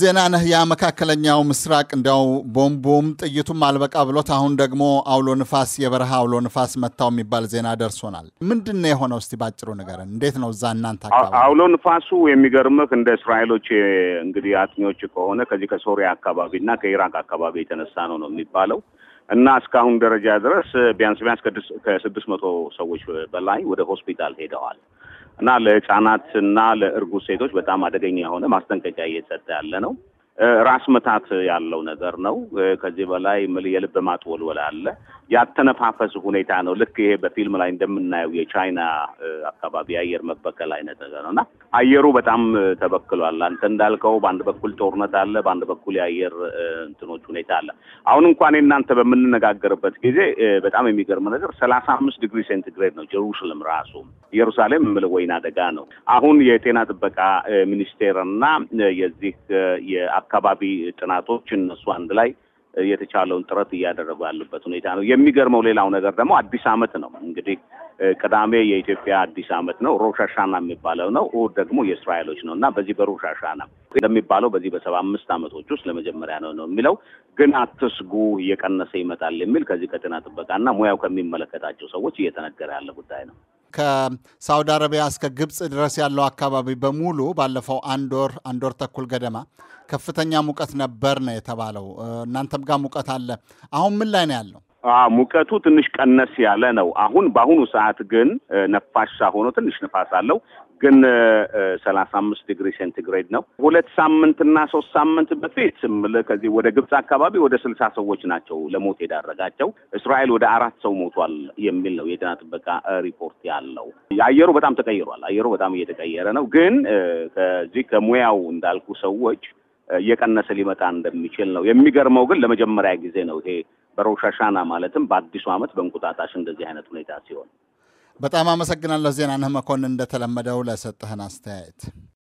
ዜና ነህያ መካከለኛው ምስራቅ እንዲያው ቦምቡም ጥይቱም አልበቃ ብሎት አሁን ደግሞ አውሎ ንፋስ፣ የበረሃ አውሎ ንፋስ መታው የሚባል ዜና ደርሶናል። ምንድን ነው የሆነው? እስቲ ባጭሩ ንገረን። እንዴት ነው እዛ እናንተ አካባቢ አውሎ ንፋሱ? የሚገርምህ እንደ እስራኤሎች እንግዲህ አጥኚዎች ከሆነ ከዚህ ከሶሪያ አካባቢ እና ከኢራቅ አካባቢ የተነሳ ነው ነው የሚባለው እና እስካሁን ደረጃ ድረስ ቢያንስ ቢያንስ ከስድስት መቶ ሰዎች በላይ ወደ ሆስፒታል ሄደዋል። እና ለህፃናት እና ለእርጉዝ ሴቶች በጣም አደገኛ የሆነ ማስጠንቀቂያ እየተሰጠ ያለ ነው። ራስ መታት ያለው ነገር ነው። ከዚህ በላይ የልብ ማጥወልወል አለ። ያተነፋፈስ ሁኔታ ነው። ልክ ይሄ በፊልም ላይ እንደምናየው የቻይና አካባቢ አየር መበከል አይነት ነገር ነው እና አየሩ በጣም ተበክሏል። አንተ እንዳልከው በአንድ በኩል ጦርነት አለ፣ በአንድ በኩል የአየር እንትኖች ሁኔታ አለ። አሁን እንኳን እናንተ በምንነጋገርበት ጊዜ በጣም የሚገርም ነገር ሰላሳ አምስት ዲግሪ ሴንቲግሬድ ነው ጀሩሳሌም ራሱ ኢየሩሳሌም ምል ወይን አደጋ ነው። አሁን የጤና ጥበቃ ሚኒስቴር እና የዚህ አካባቢ ጥናቶች እነሱ አንድ ላይ የተቻለውን ጥረት እያደረጉ ያሉበት ሁኔታ ነው። የሚገርመው ሌላው ነገር ደግሞ አዲስ ዓመት ነው። እንግዲህ ቅዳሜ የኢትዮጵያ አዲስ ዓመት ነው፣ ሮሻሻና የሚባለው ነው። እሑድ ደግሞ የእስራኤሎች ነው እና በዚህ በሮሻሻና እንደሚባለው በዚህ በሰባ አምስት ዓመቶች ውስጥ ለመጀመሪያ ነው ነው የሚለው ግን አትስጉ እየቀነሰ ይመጣል የሚል ከዚህ ከጤና ጥበቃና ሙያው ከሚመለከታቸው ሰዎች እየተነገረ ያለ ጉዳይ ነው። ከሳውዲ አረቢያ እስከ ግብፅ ድረስ ያለው አካባቢ በሙሉ ባለፈው አንድ ወር አንድ ወር ተኩል ገደማ ከፍተኛ ሙቀት ነበር ነው የተባለው። እናንተም ጋር ሙቀት አለ። አሁን ምን ላይ ነው ያለው? ሙቀቱ ትንሽ ቀነስ ያለ ነው። አሁን በአሁኑ ሰዓት ግን ነፋሻ ሆኖ ትንሽ ንፋስ አለው ግን ሰላሳ አምስት ዲግሪ ሴንቲግሬድ ነው። ሁለት እና ሶስት ሳምንት በፊት ከዚህ ወደ ግብፅ አካባቢ ወደ ስልሳ ሰዎች ናቸው ለሞት የዳረጋቸው። እስራኤል ወደ አራት ሰው ሞቷል የሚል ነው የጤና ጥበቃ ሪፖርት ያለው። አየሩ በጣም ተቀይሯል። አየሩ በጣም እየተቀየረ ነው። ግን ከዚህ ከሙያው እንዳልኩ ሰዎች እየቀነሰ ሊመጣ እንደሚችል ነው። የሚገርመው ግን ለመጀመሪያ ጊዜ ነው ይሄ በሮሻሻና ማለትም በአዲሱ ዓመት በእንቁጣጣሽ እንደዚህ አይነት ሁኔታ ሲሆን። በጣም አመሰግናለሁ ዜናነህ መኮንን እንደተለመደው ለሰጠህን አስተያየት።